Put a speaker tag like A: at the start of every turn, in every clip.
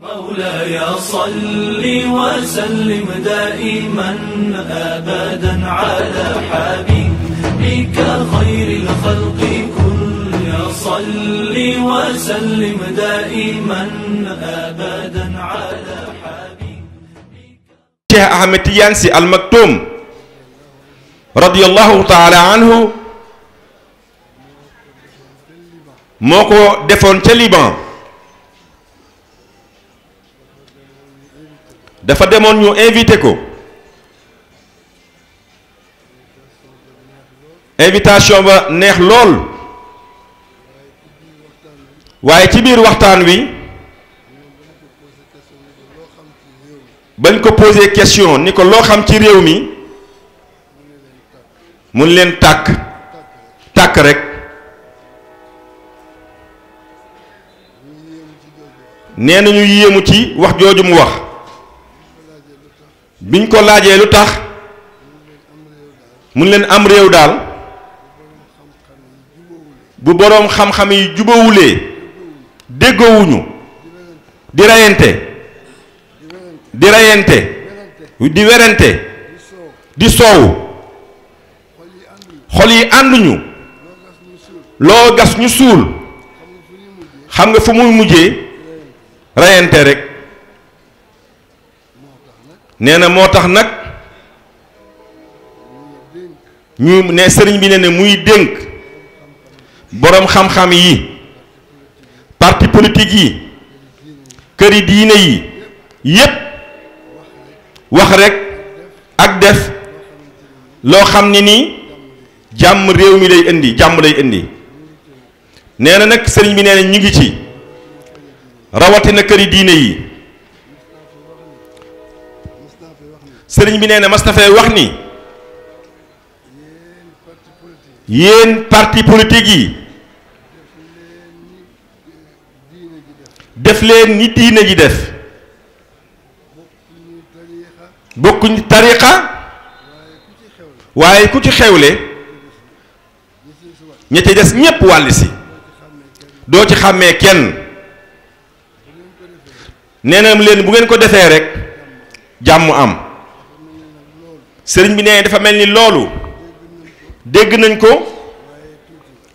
A: مولاي صل وسلم دائما ابدا على حبيبك خير الخلق كل صل وسلم دائما ابدا على حبيبك شيخ احمد تيانسي المكتوم رضي الله تعالى عنه موكو دفون تليبان dafa demone ñu invité ko invitation ba neex lool waaye ci biir waxtaan wi bañ ko poser question ni ko lo xam ci réew mi mun leen tak tak rek nee nañu yéemu ci wax jooju wax biñ ko laajee lu tax mun leen am réew daal bu boroom xam-xam yi jubawulee déggoowuñu di rayante di rayante di werante di soow xol yi ànduñu loo gas ñu suul xam nga fu muy mujjee rayante rek nee na moo tax nag ñu ne sëriñ bi nee na muy dénk boroom xam-xam yi parti politique yi këri diine yi yépp wax rekk ak def loo xam ni nii jàmm réew mi lay indi jàmm lay indi nee na nag sëriñ bi nee na ñu ngi ci rawatina këri diine yi sëriñ bi nee na mas wax ni yéen parti politique yi def leen ni diine ji def bokkuñu tariqa waaye ku ci xewle ña ca des ñépp wàll si doo ci xàmmee kenn nee na leen bu ngeen ko defee rek jàmm am sëriñ bi nee dafa mel ni loolu dégg nañ ko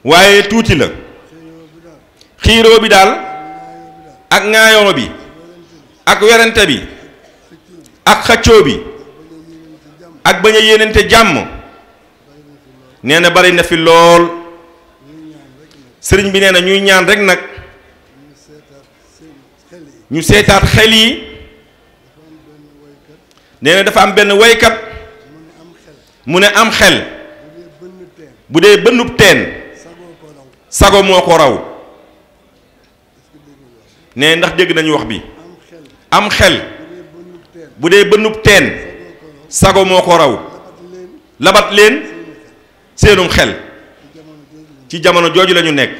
A: waaye tuuti la xiiroo bi daal ak ŋaayoo bi ak werante bi ak xaccoo bi ak bañ yenente yéenante jàmm nee na bari na fi lool sëriñ bi nee na ñuy ñaan rek nag ñu seetaat xel yi nee na dafa am benn woykat mu ne am xel bu dee bënnub teen sago moo ko raw ne ndax dégg nañu wax bi am xel bu dee bënnub teen sago moo ko raw labat leen seenum xel ci jamono jooju lañu nekk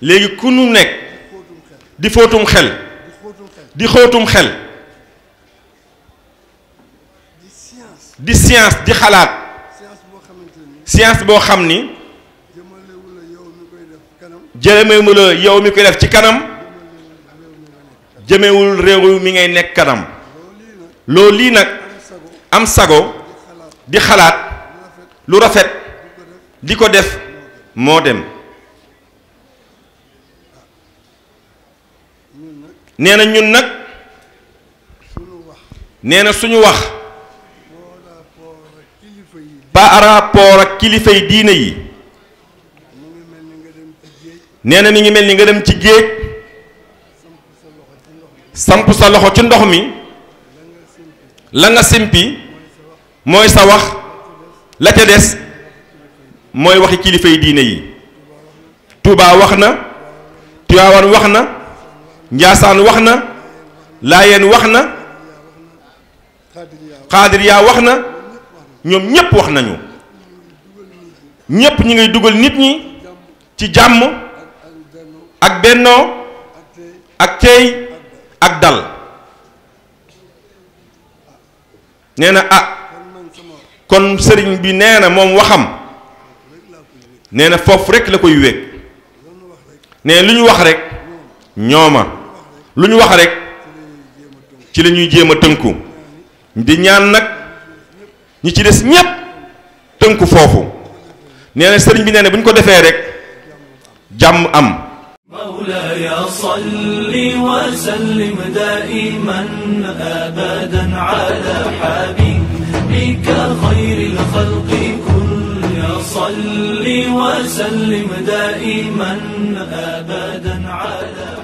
A: léegi ku nu nekk di fóotum xel di xóotum xel di science di xalaat science boo xam ni jëmewu yow mi koy def ci kanam jëmewul réew mi ngay nekk kanam loolu lii nag am sago di xalaat lu rafet di ko def moo dem nee na ñun nag nee na suñu wax par rapport ak kilifay diine yi nee na mi ngi mel ni nga dem ci géej samp sa loxo ci ndox mi la nga simpi mooy sa wax la ca des mooy waxi kilifay diine yi Touba wax na Tiwaawan wax na Njaasaan wax na Laayeen wax na Xaadir wax na ñoom ñépp wax nañu ñépp ñi ngay dugal nit ñi ci jàmm ak bennoo ak teey ak dal nee na ah kon sëriñ bi nee na moom waxam nee na foofu rek la koy wéeg nee lu ñu wax rek ñooma lu ñu wax rekk ci la ñuy jéem a tënku di ñaan nag ñi ci des ñépp tënku foofu nee na sëriñ bi nee na bu ñu ko defee rek jàmm am مولاي صل وسلم دائما ابدا على حبيبك خير الخلق كل صل وسلم دائما ابدا على